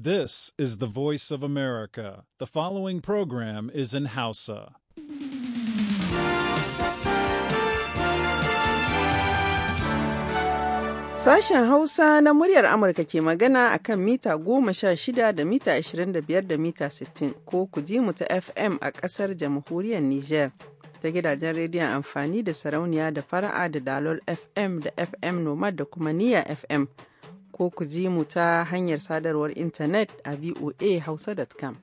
This is the voice of America. The following program is in Hausa. Sashen Hausa na muryar Amurka ke magana a kan mita goma sha shida da mita ashirin da biyar da mita sittin ko ku ji mu ta FM a ƙasar jamhuriyar Nijar. Ta gidajen rediyon amfani da sarauniya da fara'a da dalol FM da FM Nomad da kuma niya FM. ko ku ji mu ta hanyar sadarwar intanet a voa voahausa.com.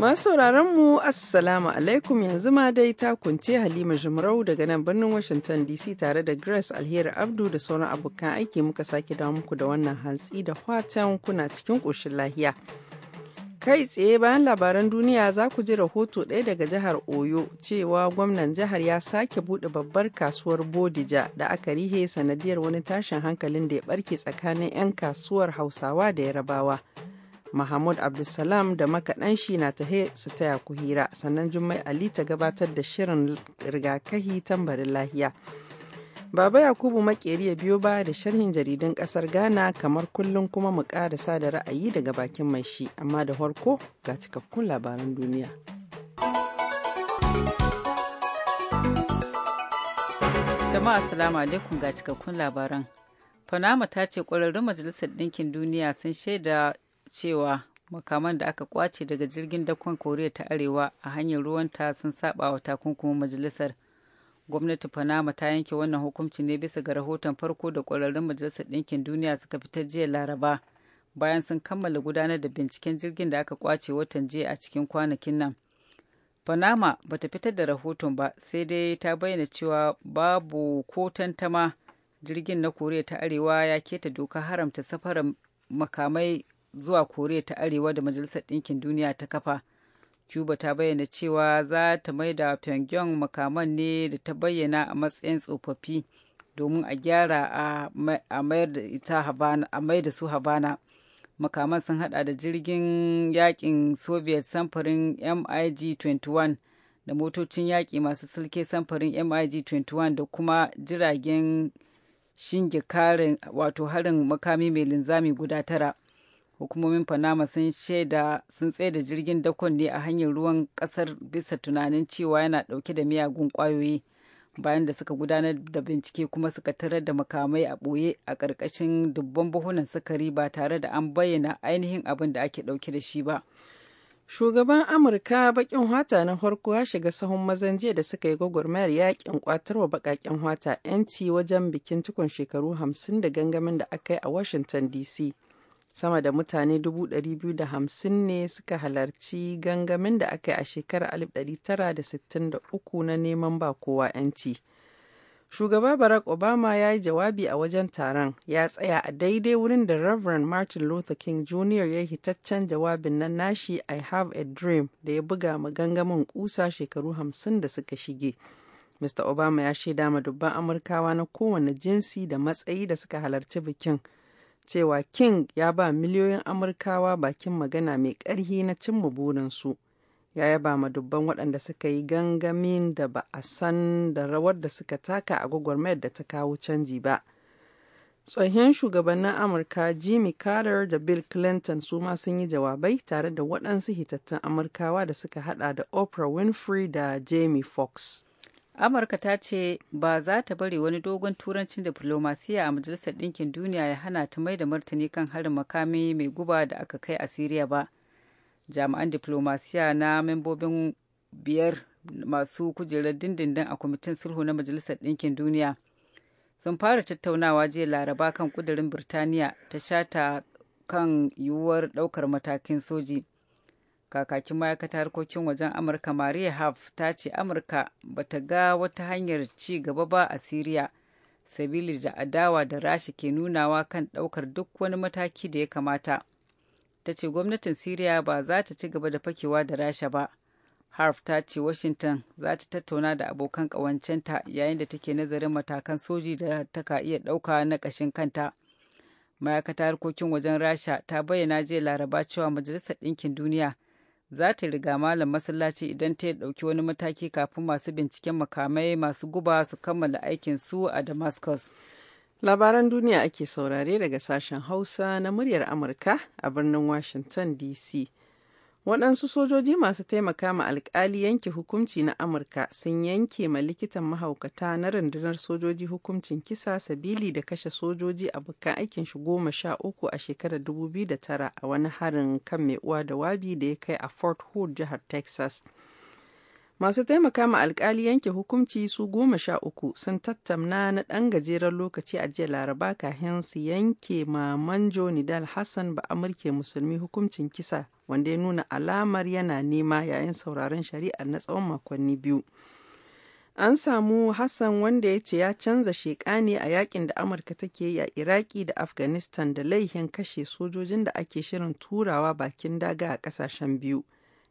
Masu mu Assalamu alaikum yanzu ma dai ta kunce Halima Jumrau daga nan birnin Washington DC tare da Grace Alheri Abdu da sauran abokan aiki muka sake dawo muku da wannan hantsi da fatan kuna cikin ƙoshin lahiya. Kai tsaye bayan labaran duniya za ku ji rahoto ɗaya daga jihar Oyo cewa gwamnan jihar ya sake buɗe babbar kasuwar Bodija da aka rihe sanadiyar wani tashin hankalin da ya ɓarke tsakanin 'yan kasuwar Hausawa da Yarabawa. Mahmud Abdulsalam da makaɗan shi na ta su taya ku hira sannan Jummai Ali ta gabatar da shirin rigakahi tambarin lahiya. Baba Yakubu Makeri ya biyo baya da sharhin jaridun kasar Ghana kamar kullum kuma mu sa da ra'ayi daga bakin mai shi amma da farko ga cikakkun labaran duniya. Jama'a assalamu alaikum ga cikakkun labaran. Panama ta ce ƙwararrun Majalisar Ɗinkin Duniya sun shaida cewa makaman da aka kwace daga jirgin dakon Koriya ta Arewa a hanyar ruwanta sun saba wa takunkumin majalisar. Gwamnati panama ta yanke wannan hukunci ne bisa ga rahoton farko da ƙwararrun majalisar ɗinkin duniya suka fitar jiya laraba bayan sun kammala gudanar da binciken jirgin da aka kwace watan jiya a cikin kwanakin nan panama ba ta fitar da rahoton ba sai dai ta bayyana cewa babu ko tantama jirgin na koriya ta arewa ya keta doka haramta safarar makamai zuwa koriya ta arewa da majalisar ɗinkin duniya ta kafa Cuba ta bayyana cewa za ta maida Pyongyang makaman ne da ta bayyana a matsayin tsofaffi domin a gyara a mayar da su Habana. Makaman sun hada da jirgin yakin Soviet samfurin MiG-21 da motocin yaƙi masu silke samfurin MiG-21 da kuma jiragen shinge karin wato harin makami mai linzami guda tara. hukumomin panama sun shaida sun tsaida jirgin dakon ne a hanyar ruwan kasar bisa tunanin cewa yana dauke da miyagun kwayoyi bayan da suka gudanar da bincike kuma suka tarar da makamai a ɓoye a ƙarƙashin dubban buhunan sukari ba tare da an bayyana ainihin abin da ake ɗauke da shi ba shugaban amurka bakin wata na farko ya shiga sahun mazan jiya da suka yi gwagwarmayar yakin kwatarwa bakakin wata 'yanci wajen bikin tukun shekaru 50 da gangamin da aka yi a washington dc sama da mutane 250 ne suka halarci gangamin da aka yi a shekarar 1963 na neman ba kowa 'yanci. Shugaba Barack Obama ya yi jawabi a wajen taron ya tsaya a daidai wurin da Reverend Martin Luther King Jr. ya yi hitaccen jawabin nan nashi I have a dream da ya buga ma gangamin kusa shekaru 50 da suka shige. Mr. Obama ya shaida ma dubban Amurkawa na kowane jinsi da matsayi da suka halarci bikin. cewa King ya ba miliyoyin Amurkawa bakin magana mai ƙarhi na cimma burinsu. Ya yaba ma dubban waɗanda suka yi gangamin da ba a san da rawar da suka taka a gwagwarmayar da ta kawo canji ba. tsohon shugabannin amurka jimmy carter da bill clinton su ma sun yi jawabai tare da waɗansu hitattun amurkawa da suka hada da oprah winfrey da jamie foxx amurka ta ce ba za ta bari wani dogon turancin diflomasiya a majalisar ɗinkin duniya ya hana ta mai da martani kan harin makami mai guba da aka kai a siriya ba jami'an diflomasiya na membobin biyar masu kujerar dindindin a kwamitin sulhu na majalisar ɗinkin duniya sun fara tattaunawa jiya laraba kan kudurin birtaniya ta shata kan yiwuwar ɗaukar matakin soji kakakin ma'aikata harkokin wajen amurka maria haf ta ce amurka ba ta ga wata hanyar ci gaba ba a siriya sabili da adawa da rashi ke nunawa kan daukar duk wani mataki da ya kamata ta ce gwamnatin siriya ba za ta ci gaba da fakewa da rasha ba harf ta ce washington za ta tattauna da abokan ƙawancenta yayin da take nazarin matakan soji da ta ka iya ɗauka na kashin kanta ma'aikatar harkokin wajen rasha ta bayyana jiya laraba cewa majalisar ɗinkin duniya za ta riga malam masallaci idan ta ɗauki wani mataki kafin masu binciken makamai masu guba su kammala aikin su a damascus labaran duniya ake saurare daga sashen hausa na muryar amurka a birnin washington dc waɗansu sojoji masu taimaka ma alkali yanke hukunci na amurka sun yanke ma likitan mahaukata na rundunar sojoji hukuncin kisa sabili da kashe sojoji abokan aikin shi goma sha uku a shekarar 2009 a wani harin kan mai uwa da wabi da ya kai a fort hood jihar texas masu taimaka ma alkali yanke hukunci su goma sha uku sun tattamna na ɗan gajeren lokaci a jiya laraba kafin su yanke ma manjo nidal hassan ba amurke musulmi hukuncin kisa wanda ya nuna alamar yana nema yayin sauraron shari'ar na tsawon makonni biyu an samu hassan wanda ya ce ya canza sheƙa ne a yakin da amurka take yi a iraki da afghanistan da laihin kashe sojojin da ake shirin turawa bakin daga a ƙasashen biyu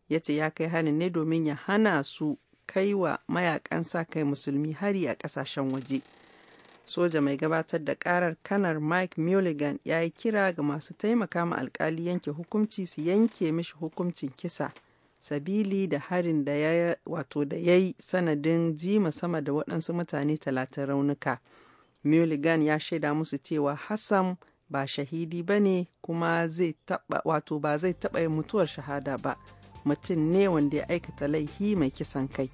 ya ce ya kai harin ne domin ya hana su kai wa mayakan sa kai musulmi hari a ƙasashen waje. soja mai gabatar da karar kanar mike mulligan ya yi kira ga masu taimaka ma alkali yanke hukunci su yanke mishi hukuncin kisa sabili da harin da ya wato da ya yi sanadin jima sama da waɗansu mutane talatin raunuka mulligan ya shaida musu cewa hassan ba shahidi ba ne kuma zai taba wato ba zai taba mutuwar shahada ba mutum ne wanda ya aikata laifi mai kisan kai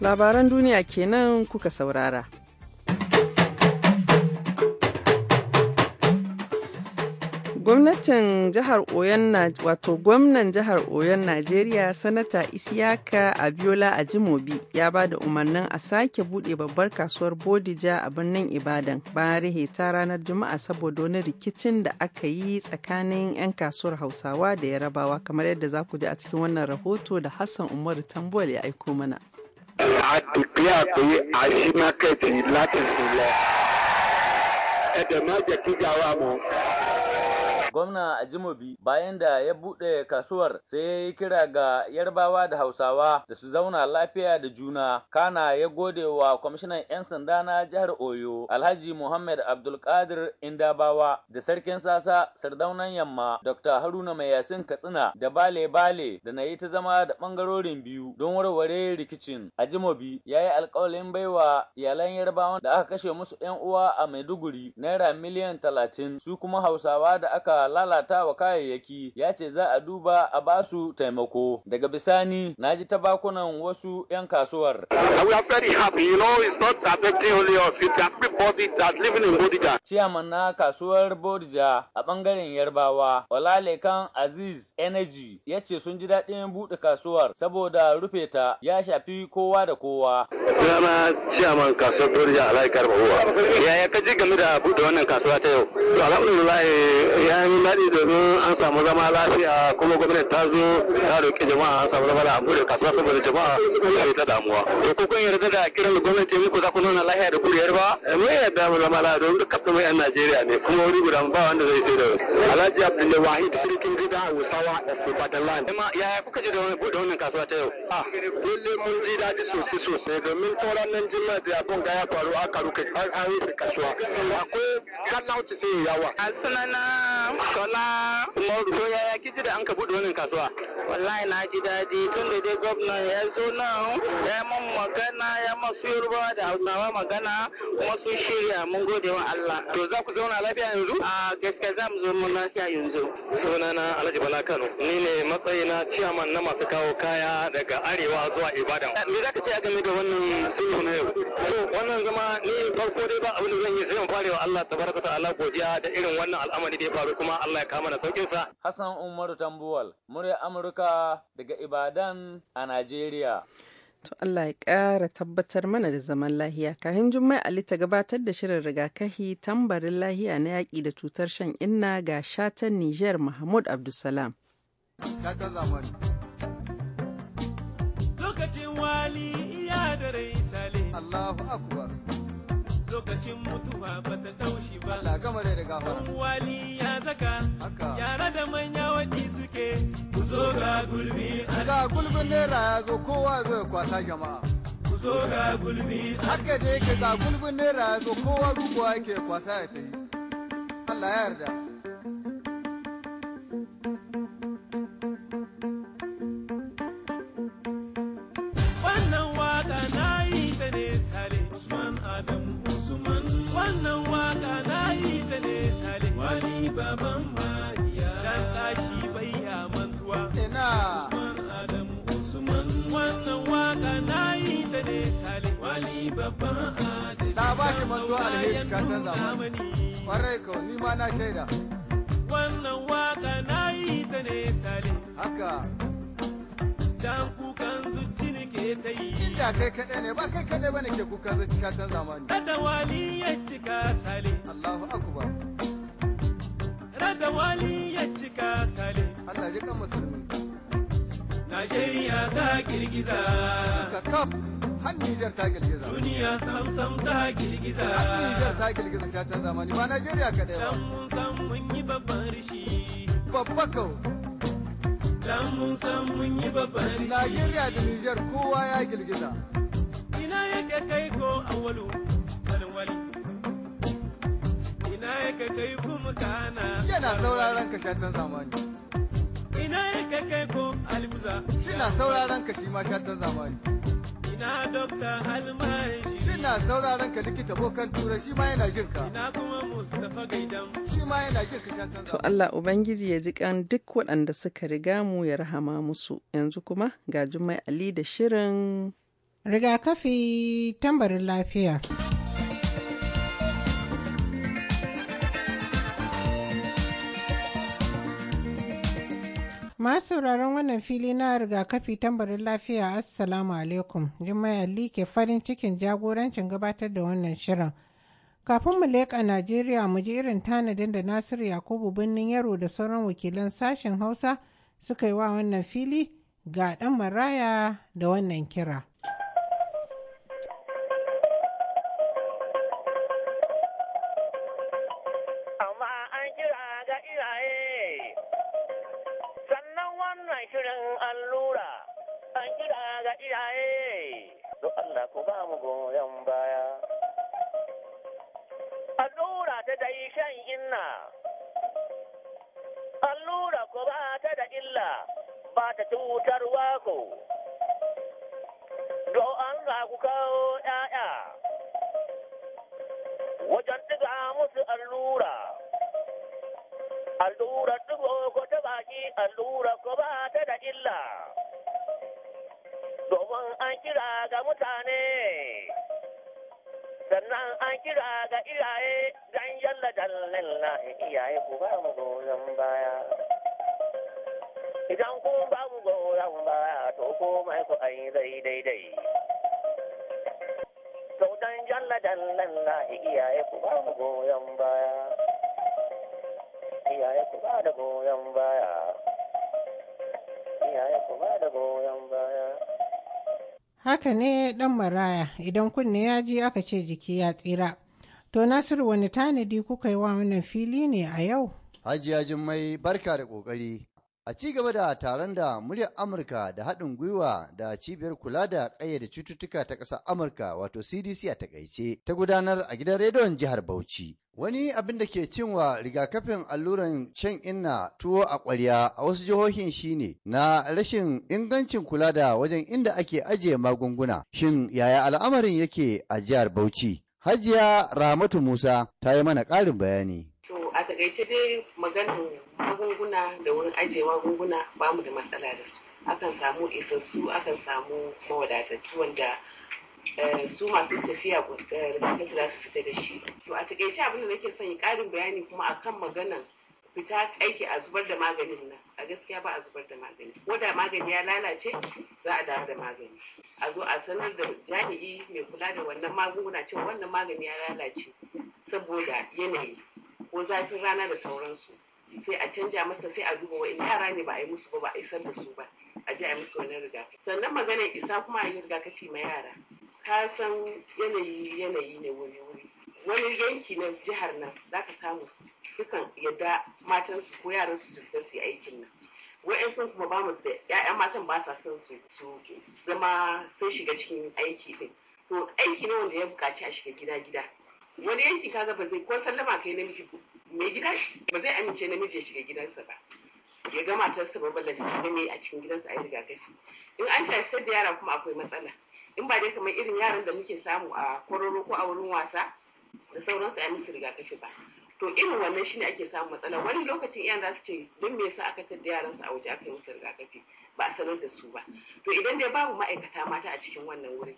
Labaran duniya kenan kuka saurara. gwamnatin jihar oyon wato gwamnan jihar oyon najeriya sanata isiyaka abiola ajimobi ya ba da umarnin a sake bude babbar kasuwar bodija a birnin ibadan bayan rihe ranar juma'a saboda wani rikicin da aka yi tsakanin 'yan kasuwar hausawa da yarabawa kamar yadda za ku ji a cikin wannan rahoto da hassan umaru tambol ya aiko mana a dìklẹ́ pé a ṣí mákẹ́tì láti sùn lọ. ẹ̀dẹ̀ má jẹ́ kíjà wa mọ́. Gwamna Ajimobi bayan da ya buɗe kasuwar sai ya yi kira ga Yarbawa da Hausawa da su zauna lafiya da juna. Kana ya gode wa kwamishinan 'yan sanda na jihar Oyo Alhaji Muhammad Abdulkadir Indabawa da sarkin sasa Sardaunan Yamma Dr. Haruna Mai Yasin Katsina da Bale Bale da na yi ta zama da ɓangarorin biyu don warware rikicin. Ajimobi ya yi alkawalin baiwa iyalan Yarbawan da aka kashe musu 'yan uwa a Maiduguri naira miliyan talatin su kuma Hausawa da aka suka lalata wa kayayyaki ya ce za a duba a ba su taimako. Daga bisani na ji tabakunan wasu 'yan kasuwar. Ciyaman na kasuwar Bodija a bangaren Yarbawa, Olalekan Aziz Energy ya ce sun ji daɗin buɗe kasuwar saboda rufe ta ya shafi kowa da kowa. Sunana ciyaman kasuwar Bodija Alaikar Bahuwa. ya ka kaji game da buɗe wannan kasuwa ta yau? Alhamdulillah ya yi daɗi domin an samu zama lafiya kuma gwamnati ta zo ta roƙi jama'a an samu zama lafiya da kasuwa saboda jama'a yi ta damuwa. To ko kun yarda da kiran gwamnati muku za ku nuna lafiya da kuriyar ba? Eh, Me ya yarda mu zama lafiya domin duk kafin mai 'yan Najeriya ne kuma wani guda ba wanda zai sai da wasu. Alhaji Abdullahi Wahid Sirikin Gida Hausawa da Subadan Land. Kuma yaya kuka ji da wannan kasuwa ta yau? Ah, dole mun ji daɗi sosai sosai domin tauran nan jima'a da abin ga ya faru aka rufe kasuwa. Akwai kallon ta sai yawa. A sunana ah, Sola Umaru to yaya ji da an ka bude wannan kasuwa? Wallahi na ji daɗi tun da dai gwamnan ya zo nan ya mun magana ya masu Yorubawa da Hausawa magana kuma sun shirya mun gode wa Allah. To za ku zauna lafiya yanzu? A gaske za mu zo mun lafiya yanzu. Sunana Alhaji Bala Kano ni ne matsayi na ciyaman na masu kawo kaya daga arewa zuwa Ibadan. Me za ka ce a game da wannan sulhu na yau? To wannan zama ni farko dai ba abin da zan yi sai in wa Allah tabaraka ta'ala godiya da irin wannan al'amari da ya faru kuma kuma Allah ya kama da sa Hassan Umaru Tambuwal murya Amurka daga Ibadan a Najeriya To Allah ya ƙara tabbatar mana da zaman lahiya. Kahin Jummai Ali ta gabatar da shirin rigakahi tambarin lahiya na yaƙi da cutar shan inna ga shatan Nijar Mahmud Abdulsalam. Lokacin wali iya da rai Allahu Akbar. lokacin mutuwa ba ta ba. Allah gama yara da manya suke, ku zo ga gulbi. Ga gulbin naira ya zo kowa Allah ya yarda. na ba shi manzo alheri shatan zamani kwarai ni ma na shaida wannan waka na yi ta ne sale haka dan kukan zuci ne ke ta yi inda kai kaɗai ne ba kai kaɗai ne ke kukan zuci shatan zamani rada wali ya cika sale allahu rada wali ya cika sale Allah ji kan musulmi Najeriya ta girgiza. har Nijar ta girgiza. Duniya samsam ta girgiza. Har Nijar ta girgiza shatar zamani ba Najeriya kaɗai ba. Can samun yi babban rishi. Babba kau. Can samun yi babban rishi. Najeriya da Nijar kowa ya girgiza. Ina yake kai ko awalu walwali. Ina yake kai kuma kana. Yana sauraron ka shatar zamani. Ina yake kai ko albuza. Shina sauraron ka shi ma shatar zamani. Ina Dokta Almajiri. Ina sauraron ka likita bokan tura shi ma yana jin ka. Ina kuma Mustapha Gaidan. Shi ma yana jin ka can To Allah Ubangiji ya ji kan duk waɗanda suka riga mu ya rahama musu. Yanzu kuma ga Jummai Ali da shirin. Rigakafi tambarin lafiya. Masu sauraron wannan fili na rigakafi tambarin lafiya Assalamu alaikum. Jumaya like ke farin cikin jagorancin gabatar da wannan shirin. Kafin mu leƙa Najeriya mu ji irin tanadin da Nasiru Yakubu birnin Yaro da sauran wakilan sashen Hausa suka yi wa wannan fili ga ɗan maraya da wannan kira. maganin allura an kira ga iyaye don Allah ku ba mu goyon baya allura ta da shan inna allura ku ba ta da illa ba ta cutarwa ko don Allah ku kawo ‘ya'ya wajen ɗiga musu allura Allura ɗigo ko ta baki allura ko ba ta da illa. Domin an kira ga mutane, sannan an kira ga iyaye don yalla dallin iyaye ku ba mu goyon baya. Idan ku ba mu goyon baya to komai ku an yi dai-dai-dai. Sau don yalla dallin iyaye ku ba mu goyon baya. ku da goyon baya haka ne ɗan maraya idan kunne ya ji aka ce jiki ya tsira to nasiru wani tanadi kuka yi wa wannan fili ne a yau hajiya jummai barka da ƙoƙari, a ci gaba da taron da muryar amurka da haɗin gwiwa da cibiyar kula da ƙayyade cututtuka ta ƙasa amurka wato cdc a takaice ta gudanar a gidan rediyon jihar bauchi Wani abin da ke cinwa rigakafin alluran shan inna tuwo a ƙwarya a wasu jihohin shine na rashin ingancin kula da wajen inda ake ajiye magunguna. Shin yaya al'amarin yake a jihar Bauchi? Hajiya Ramatu Musa ta yi mana ƙarin bayani. To a takaice dai maganin magunguna da wurin ajiye magunguna ba mu da matsala da su. Akan samu isassu, akan samu mawadatattu wanda Eh, su masu tafiya rigakafi eh, za su fita da shi to a takaice abin da nake son yi karin bayani kuma a kan maganan fita aiki a zubar da maganin nan a gaskiya ba a zubar da magani ko da magani ya lalace za a dawo da magani a zo a sanar da jami'i mai kula da wannan magunguna cewa wannan magani ya lalace saboda yanayi ko zafin rana da sauransu sai a canja masa sai a duba wa'in yara ne ba a yi musu ba ba a isar da su ba a je a yi musu wani rigakafi sannan maganar isa kuma a yi rigakafi ma yara ka san yanayi yanayi ne wuri wuri wani yanki na jihar nan za ka samu sukan yadda matansu ko yaran su su fita su yi aikin nan sun kuma ba mu da 'ya'yan matan ba sa son su zama sun shiga cikin aiki din to aiki ne wanda ya bukaci a shiga gida gida wani yanki kaga ba zai ko sallama kai namiji mai gida ba zai amince namiji ya shiga gidansa ba ya ga matarsa ba balla da a cikin gidansa a yi rigakafi in an shafi da yara kuma akwai matsala in ba dai kamar irin yaran da muke samu a kwararo ko a wurin wasa da sauransu a musu rigakafi ba to irin wannan shine ake samu matsala wani lokacin iyayen za su ce don me yasa aka tada yaran su a waje aka yi musu rigakafi ba a sanar da su ba to idan dai babu ma'aikata mata a cikin wannan wurin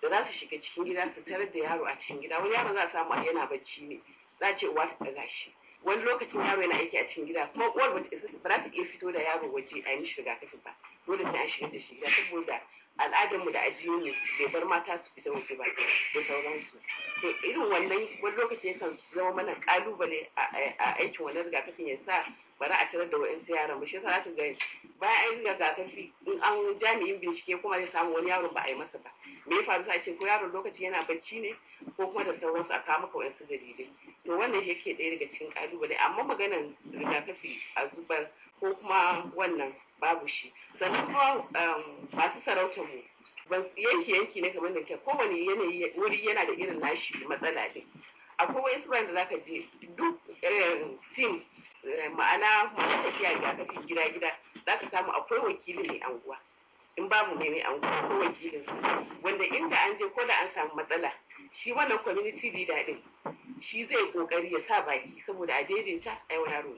da za su shiga cikin gida su tarar da yaro a cikin gida wani yaro za a samu yana bacci ne za a ce uwa ta ɗaga shi wani lokacin yaro yana aiki a cikin gida kuma uwar ba ta iya fito da yaro waje a yi mishi rigakafi ba dole sai an shiga da shi gida saboda al'adarmu da addini bai bar mata su fita waje ba da sauransu to irin wannan wani lokaci yakan zama mana kalubale a aikin wannan rigakafin ya sa bari a tarar da wa'insu yaran ba shi yasa zaka ga bayan an rigakafi in an jami'in bincike kuma zai samu wani yaron ba a yi masa ba me ya faru sai ce ko yaron lokaci yana bacci ne ko kuma da sauransu a kawo maka wa'insu dalilai to wannan yake ɗaya daga cikin kalubale amma maganan rigakafi a zubar ko kuma wannan babu shi sannan kuma um, masu sarautar mu yanki yanki ne kamar da ke kowane yanayi wuri yana da irin nashi matsala ne akwai wani su da zaka je duk tim um, eh, ma'ana masu tafiya ga kafin gida gida zaka samu akwai wakili mai anguwa in babu mai mai anguwa ko wakilin su. wanda inda an je ko da an samu matsala shi wannan community leader din shi zai kokari ya sa baki saboda a daidaita a yau yaro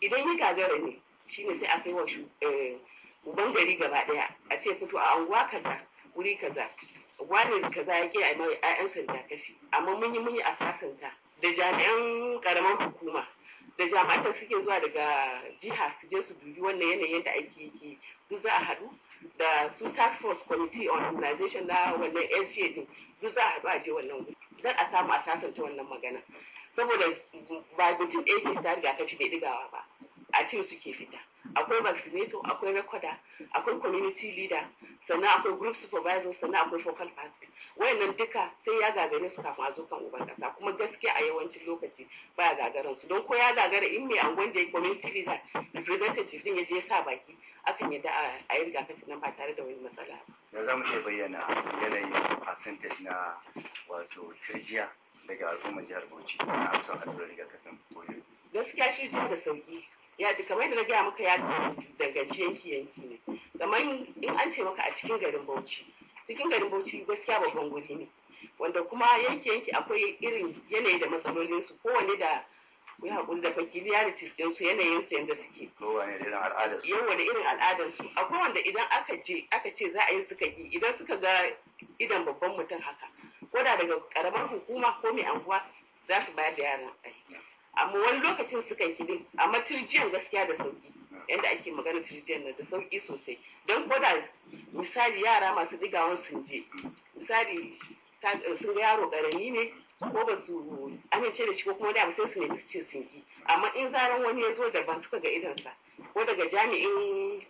idan yi gagara ne shine sai a kai wa eh, uban gari gaba daya a ce fito a anguwa kaza wuri kaza wani kaza ya ke a mai sanda kafi. amma mun yi mun yi a sasanta da jami'an karaman hukuma da jami'an suke zuwa daga jiha su je su dubi wannan yanayin da ake yi duk za a haɗu da su task force committee on organization na wannan lca din duk za a haɗu a je wannan wuri don a samu a sasanta wannan magana saboda ba mutum ake ke ta rigakafi bai digawa ba a team suke fita akwai vaccinator akwai recorder akwai community leader sannan akwai group supervisor sannan akwai focal person wayannan duka sai ya gagare su kafin a zo kan uban kasa kuma gaskiya a yawancin lokaci ba gagaran su don ko ya gagara in mai angon da community leader representative din ya je sa baki akan yadda a yi rigakafi nan ba tare da wani matsala ba. za mu iya bayyana yanayin percentage na wato kirjiya daga al'ummar jihar Bauchi na son allurar rigakafin Gaskiya shi da sauki ya kamar da na gaya maka ya daga yanki yanki ne kamar in an ce maka a cikin garin bauchi cikin garin bauchi gaskiya babban guri ne wanda kuma yanki yanki akwai irin yanayi da matsalolin su kowane da ya haƙuri da ya din su yanayin su yanda suke kowane da irin al'adar su yawa irin al'adar akwai wanda idan aka ce aka ce za a yi suka ki idan suka ga idan babban mutum haka ko da daga karamar hukuma ko mai anguwa za su bayar da yaran aiki amma wani lokacin sukan kidin amma turjiyan gaskiya da sauki yadda ake magana turjiyan na da sauki sosai don koda misali yara masu digawan sun je misali sun ga yaro karami ne ko ba su amince da shi ko kuma da sai su nemi su ce sun ki amma in zaran wani ya zo da daban suka ga idansa ko daga jami'in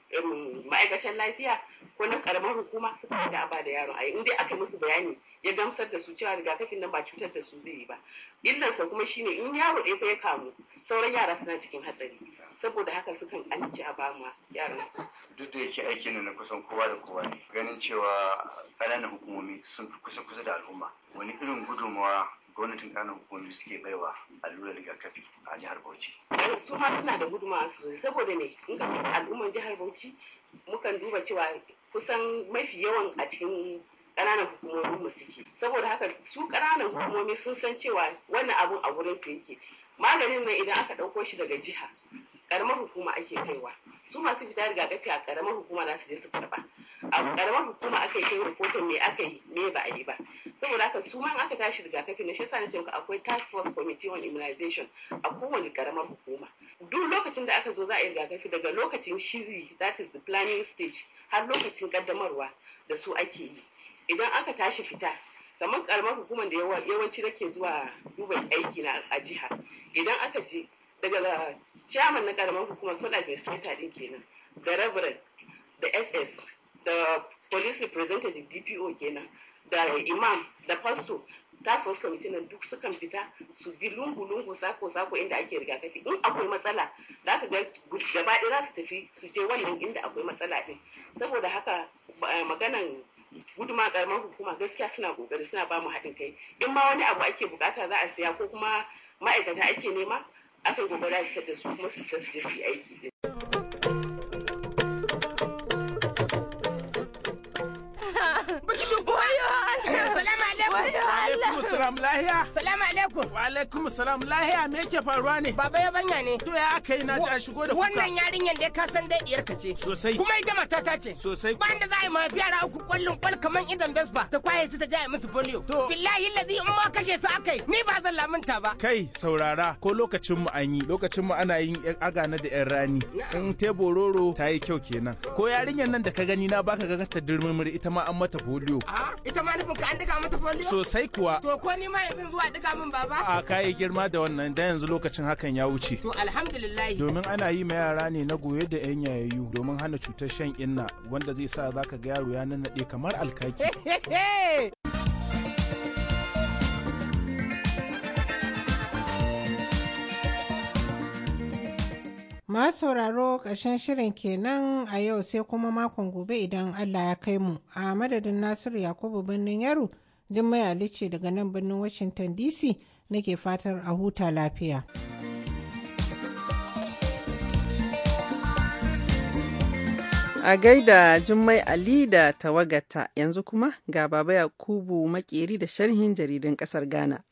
ma'aikatan lafiya ko na karamar hukuma suka yi a ba da yaron ayi in dai aka musu bayani ya gamsar da su cewa rigakafin nan ba cutar da su zai yi ba illansa kuma shine in yaro ɗaya ko ya kamu sauran yara suna cikin hatsari saboda haka sukan amince a ba ma yaran su duk da yake aikin na kusan kowa da kowa ne ganin cewa ƙananan hukumomi sun fi kusa kusa da al'umma wani irin gudunmawa gwamnatin ƙananan hukumomi suke baiwa allurar rigakafi a jihar bauchi eh, su ma suna da gudunmawa su saboda ne in ka al'umman jihar bauchi mukan duba cewa kusan mafi yawan a cikin ƙananan hukumomin mu suke saboda haka su ƙananan hukumomi sun san cewa wannan abun a wurin su yake maganin nan idan aka ɗauko shi daga jiha ƙaramar hukuma ake kaiwa su masu fita rigakafi a ƙaramar hukuma za su je su karɓa a ƙaramar hukuma aka yi kai rahoton me aka yi me ba a yi ba saboda haka su man aka tashi rigakafi na shi yasa na ce akwai task force committee on immunization a kowane ƙaramar hukuma duk lokacin da aka zo za a yi rigakafi daga lokacin shiri that is the planning stage har lokacin kaddamarwa da su ake yi idan aka tashi fita kamar karamar hukumar da yawanci nake zuwa duba aiki na a jiha idan aka je daga chairman na karamar hukumar solar administrator din kenan da reverend da ss da police representative dpo kenan da imam da pastor task force committee nan duk sukan fita su bi lungu-lungu sako-sako inda ake rigakafi in akwai matsala za ka ga gaba za su tafi su je wannan inda akwai matsala ɗin saboda haka eh, maganan guduma karamar hukuma gaskiya suna kokari suna ba mu haɗin kai in ma wani abu ake bukata za a siya ko kuma ma'aikata ake nema akan gobara fitar da su kuma su fita su je su yi aiki salam lahiya. Salamu alaikum. Wa alaikum salam lahiya me yake faruwa ne? Baba ya banya ne. To ya aka yi na ji a shigo da kuka. Wannan yarinyar da ka san dai diyar ka ce. Sosai. Kuma ita mata ta ce. Sosai. Ba da za a yi mafi yara uku kwallon kwal kamar idan besba ta kwaye su ta jaya musu polio. To. Billahi lazi in ma kashe su aka yi ni ba zan lamunta ba. Kai saurara ko lokacin mu an yi lokacin mu ana yin agana da yan rani. In bororo ta yi kyau kenan. Ko yarinyar nan da ka gani na baka ga ta durmumuri ita ma an mata polio. Ah ita ma nufin ka an daga mata polio. Sosai kuwa. To ko ni ma yanzu zuwa duka min baba a kayi girma da wannan da yanzu lokacin hakan ya wuce to alhamdulillah domin ana yi ma yara ne na goye da yan yayayu domin hana cutar shan inna wanda zai sa za ka ga yaro ya naɗe kamar alkaki Ma sauraro ƙarshen shirin kenan a yau sai kuma makon gobe idan Allah ya kai mu a madadin Nasiru Yakubu birnin Yaro Jummai Ali ce daga nan birnin Washington DC nake fatar a huta lafiya. A gaida Jummai Ali da tawagata yanzu kuma ga Baba Yakubu Makeri da sharhin jaridan ƙasar Ghana.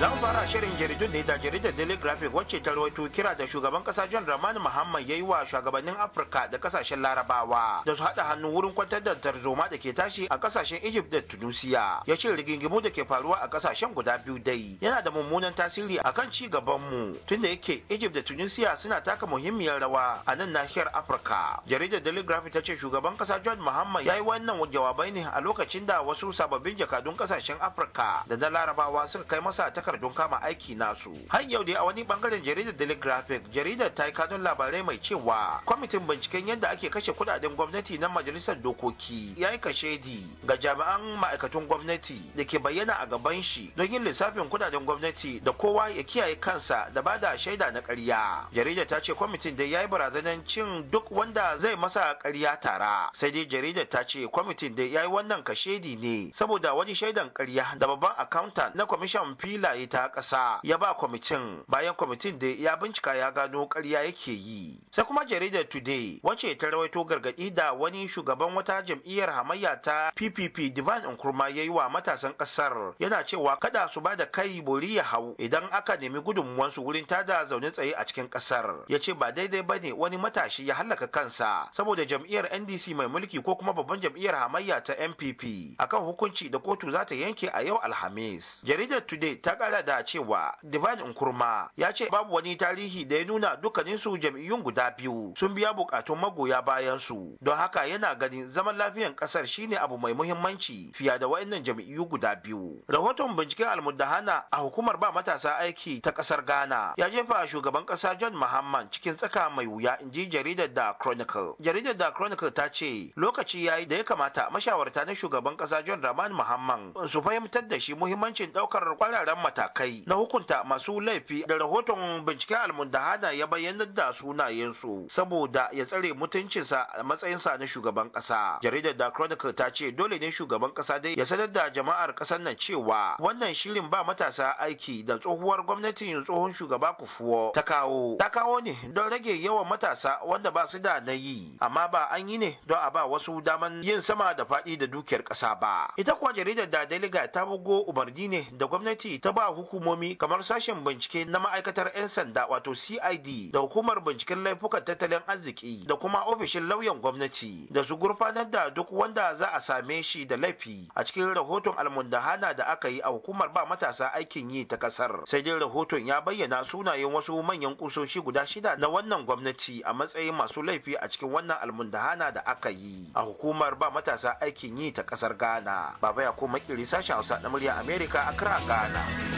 za shirin jaridun ne da jaridar daily graphic wacce ta rawaito kira da shugaban kasa john dramani muhammad ya yi wa shugabannin afirka da kasashen larabawa da su haɗa hannu wurin kwantar da tarzoma da ke tashi a kasashen egypt da tunisia ya ce rigingimu da ke faruwa a kasashen guda biyu dai yana da mummunan tasiri a kan ci gaban mu tunda yake egypt da tunisia suna taka muhimmiyar rawa a nan nahiyar afirka jaridar daily graphic ta ce shugaban kasa john muhammad ya yi wannan jawabai ne a lokacin da wasu sababbin jakadun kasashen afirka da na larabawa suka kai masa ta takardun kama aiki nasu har yau dai a wani bangaren jaridar daily graphic jaridar ta yi kanun labarai mai cewa kwamitin binciken yadda ake kashe kudaden gwamnati na majalisar dokoki ya yi kashedi ga jami'an ma'aikatun gwamnati da ke bayyana a gaban shi don yin lissafin kudaden gwamnati da kowa ya kiyaye kansa da ba da shaida na karya. jaridar ta ce kwamitin dai ya yi barazanar cin duk wanda zai masa karya tara sai dai jaridar ta ce kwamitin dai ya yi wannan kashedi ne saboda wani shaidan karya da babban akanta na kwamishin filaye tsuntsaye ta ƙasa ya ba kwamitin bayan kwamitin da ya bincika ya gano ƙarya yake yi sai kuma jaridar today wacce ta rawaito gargaɗi da wani shugaban wata jam'iyyar hamayya ta ppp divan nkurma ya yi wa matasan ƙasar yana cewa kada su ba da kai bori ya hau idan aka nemi gudunmuwansu wurin tada zaune tsaye a cikin ƙasar ya ce ba daidai ba ne wani matashi ya hallaka kansa saboda jam'iyyar ndc mai mulki ko kuma babban jam'iyyar hamayya ta npp akan hukunci da kotu za ta yanke a yau alhamis jaridar today ta kara da cewa Divine Nkurma ya ce babu wani tarihi da ya nuna dukkanin su jam'iyyun guda biyu sun biya bukatun magoya bayan su don haka yana ganin zaman lafiyan kasar shine abu mai muhimmanci fiye da waɗannan jam'iyyu guda biyu. Rahoton binciken almudahana a hukumar ba matasa aiki ta kasar Ghana ya jefa shugaban kasa John Mahama cikin tsaka mai wuya in ji jaridar da Chronicle. Jaridar da Chronicle ta ce lokaci yayi da ya kamata mashawarta na shugaban kasa John rahman Mahama su fahimtar da shi muhimmancin daukar kwararren mata matakai na hukunta masu laifi da rahoton binciken almundahana ya bayyana da sunayensu saboda ya tsare mutuncinsa a matsayinsa na shugaban ƙasa. Jaridar da Chronicle ta ce dole ne shugaban ƙasa dai ya sanar da jama'ar ƙasar nan cewa wannan shirin ba matasa aiki da tsohuwar gwamnatin tsohon shugaba kufuwa ta kawo. Ta kawo ne don rage yawan matasa wanda ba su da na yi amma ba an yi ne don a ba wasu daman yin sama da faɗi da dukiyar ƙasa ba. Ita kuwa jaridar da Deliga ta bugo umarni ne da gwamnati ta ba hukumomi kamar sashen bincike na ma'aikatar 'yan sanda wato CID da hukumar binciken laifukan tattalin arziki da kuma ofishin lauyan gwamnati da su gurfanar da duk wanda za a same shi da laifi a cikin rahoton almundahana da aka yi a hukumar ba matasa aikin yi ta kasar sai dai rahoton ya bayyana sunayen wasu manyan kusoshi guda shida na wannan gwamnati a matsayin masu laifi a cikin wannan almundahana da aka yi a hukumar ba matasa aikin yi ta kasar Ghana baba ya ko makiri sashen Hausa na murya America kira Ghana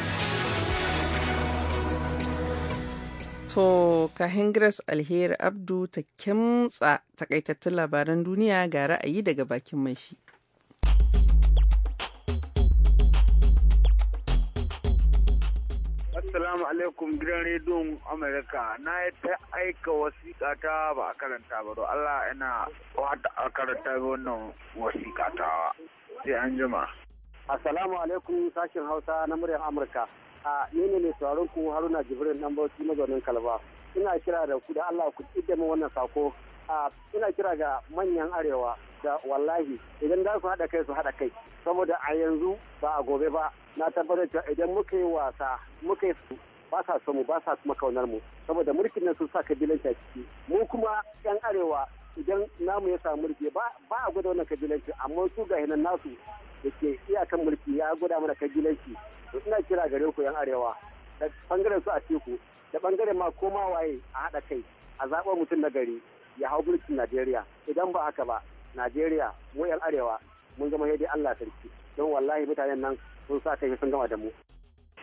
To, ka Grace Alheri Abdu ta kimtsa takaitattun labaran duniya ga ra'ayi daga bakin mai shi. Assalamu alaikum gidan rediyon Amurka na yi ta aika wasiƙa ta ba a karanta ba do Allah yana wata a karanta wannan wasiƙa ta sai an jima. Assalamu alaikum sashen Hausa na muryar Amurka. a ne ne sauraron ku haruna jibrin dan bauchi mazaunin kalba ina kira da ku da allah ku mu wannan sako a ina kira ga manyan arewa da wallahi idan za su haɗa kai su haɗa kai saboda a yanzu ba a gobe ba na tabbatar da idan muka yi wasa muka yi ba sa so mu ba sa kuma kaunar mu saboda mulkin nan sun sa kabilanci a ciki mu kuma yan arewa idan namu ya samu mulki ba a gwada wannan kabilanci amma su ga hinan nasu da ke iyakan mulki ya gwada mana kabilanci to ina kira gare ku yan arewa da bangaren su a teku da bangaren ma koma waye a haɗa kai a zaɓar mutum na gari ya hau mulkin najeriya idan ba haka ba najeriya mu yan arewa mun zama yadda allah sarki don wallahi mutanen nan sun sa kai sun gama da mu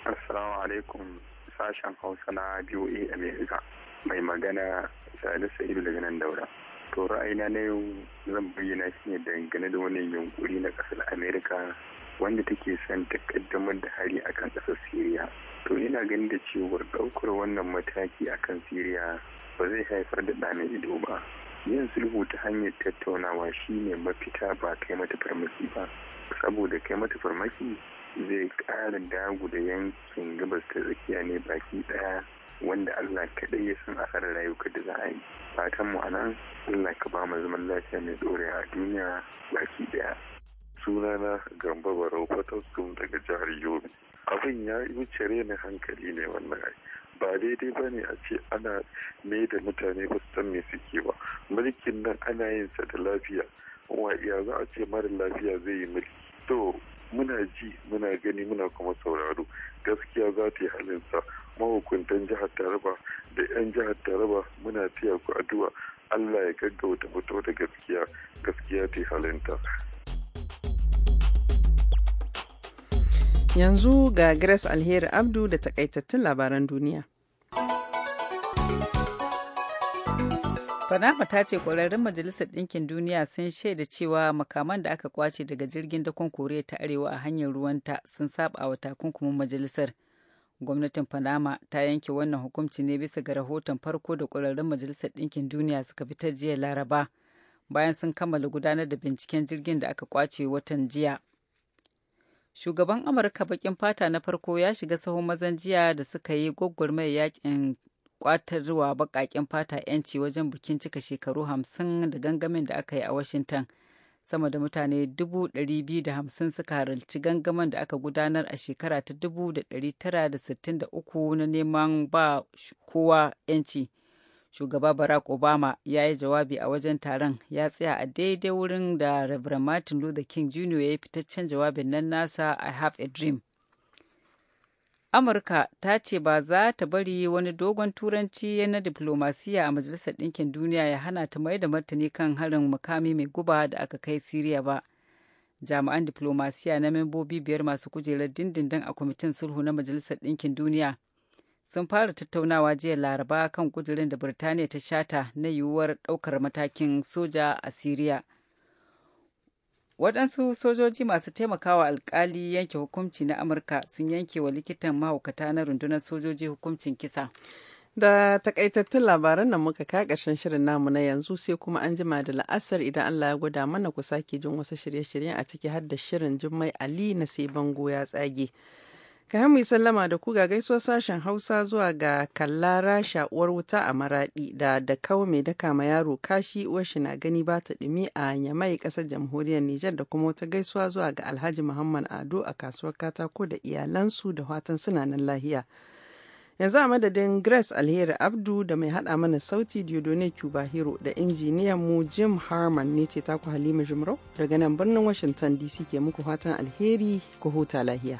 assalamu alaikum sashen hausa na boa america mai magana salisu ibrahim daga nan daura to ra'ayina na yau zan bayyana shi ne dangane da wannan yunkuri na ƙasar amerika wanda take son ta kaddamar da hari akan ƙasar siriya to ina ganin da cewar ɗaukar wannan mataki a kan siriya ba zai haifar da ɗamin ido ba yin sulhu ta hanyar tattaunawa shi ne mafita ba kai mata farmaki ba saboda kai mata farmaki zai ƙara dagu da yankin gabas ta tsakiya ne baki ɗaya wanda Allah kaɗai ya san asarar rayuka da za a yi fatan mu anan Allah ka ba mu zaman lafiya mai ɗorewa a duniya baki ɗaya Suna na gamba barau fataskum daga jihar yobe abin ya yi wuce rena hankali ne wannan ai ba daidai ba ne a ce ana mai da mutane ba su san me suke ba mulkin nan ana yin sa da lafiya wa iya za a ce mara lafiya zai yi mulki to muna ji muna gani muna kuma sauraro gaskiya za ta yi halinsa mahukuntan jihar taraba da 'yan jihar taraba muna tiya ku addu'a allah ya gaggauta fito da gaskiya gaskiya ta yi halinta yanzu ga grace alheri abdu da takaitattun labaran duniya Panama ta ce ƙwararrun Majalisar Ɗinkin Duniya sun shaida cewa makaman da aka kwace daga jirgin dakon Koriya ta Arewa a hanyar ruwanta sun saba wa takunkumin majalisar. Gwamnatin Panama ta yanke wannan hukunci ne bisa ga rahoton farko da ƙwararrun Majalisar Ɗinkin Duniya suka fitar jiya Laraba bayan sun kammala gudanar da binciken jirgin da aka kwace watan jiya. Shugaban Amurka baƙin fata na farko ya shiga sahun mazan jiya da suka yi gwaggwarmayar yakin kwatarwa baƙaƙen fata 'yanci wajen bikin cika shekaru hamsin da gangamin da aka yi a washington sama da mutane 250 suka halarci gangamin da aka gudanar a shekara ta 1963 na neman ba kowa 'yanci shugaba barack obama ya yi jawabi a wajen taron ya tsaya a daidai wurin da reverend martin luther king jr ya yi fitaccen jawabin nan nasa i have a dream amurka ta ce ba za ta bari wani dogon turanci na diplomasiya a majalisar ɗinkin duniya ya hana ta mai da martani kan harin mukami mai guba da aka kai siriya ba jami'an diplomasiya na membobi biyar masu kujerar dindindin a kwamitin sulhu na majalisar ɗinkin duniya sun fara tattaunawa jiya laraba kan kudurin da birtaniya ta shata na yiwuwar ɗaukar matakin soja a siriya waɗansu sojoji masu taimakawa alkali yanke hukunci na amurka sun yanke wa likitan mahaukata na rundunar sojoji hukuncin kisa da takaitattun labaran nan muka kai ƙarshen shirin namu na yanzu sai kuma an jima da la'asar idan allah ya gwada mana ku sake jin wasu shirye-shiryen a ciki har da shirin jummai ali na sai bango ya tsage Ka mu sallama da ku ga gaisuwar sashen Hausa zuwa ga kalla rasha uwar wuta a maraɗi da da kawo mai daka ma yaro kashi uwarshi na gani ba ta ɗumi a Yamai kasar jamhuriyar Nijar da kuma wata gaisuwa zuwa ga Alhaji Muhammad Ado a kasuwar katako da iyalansu da watan suna nan lahiya. Yanzu a madadin Grace Alheri Abdu da mai hada mana sauti Diodone Cuba Hero da injiniyan mu Jim Harman ne ce taku Halima Jumrau daga nan birnin Washington DC ke muku fatan alheri ku huta lahiya.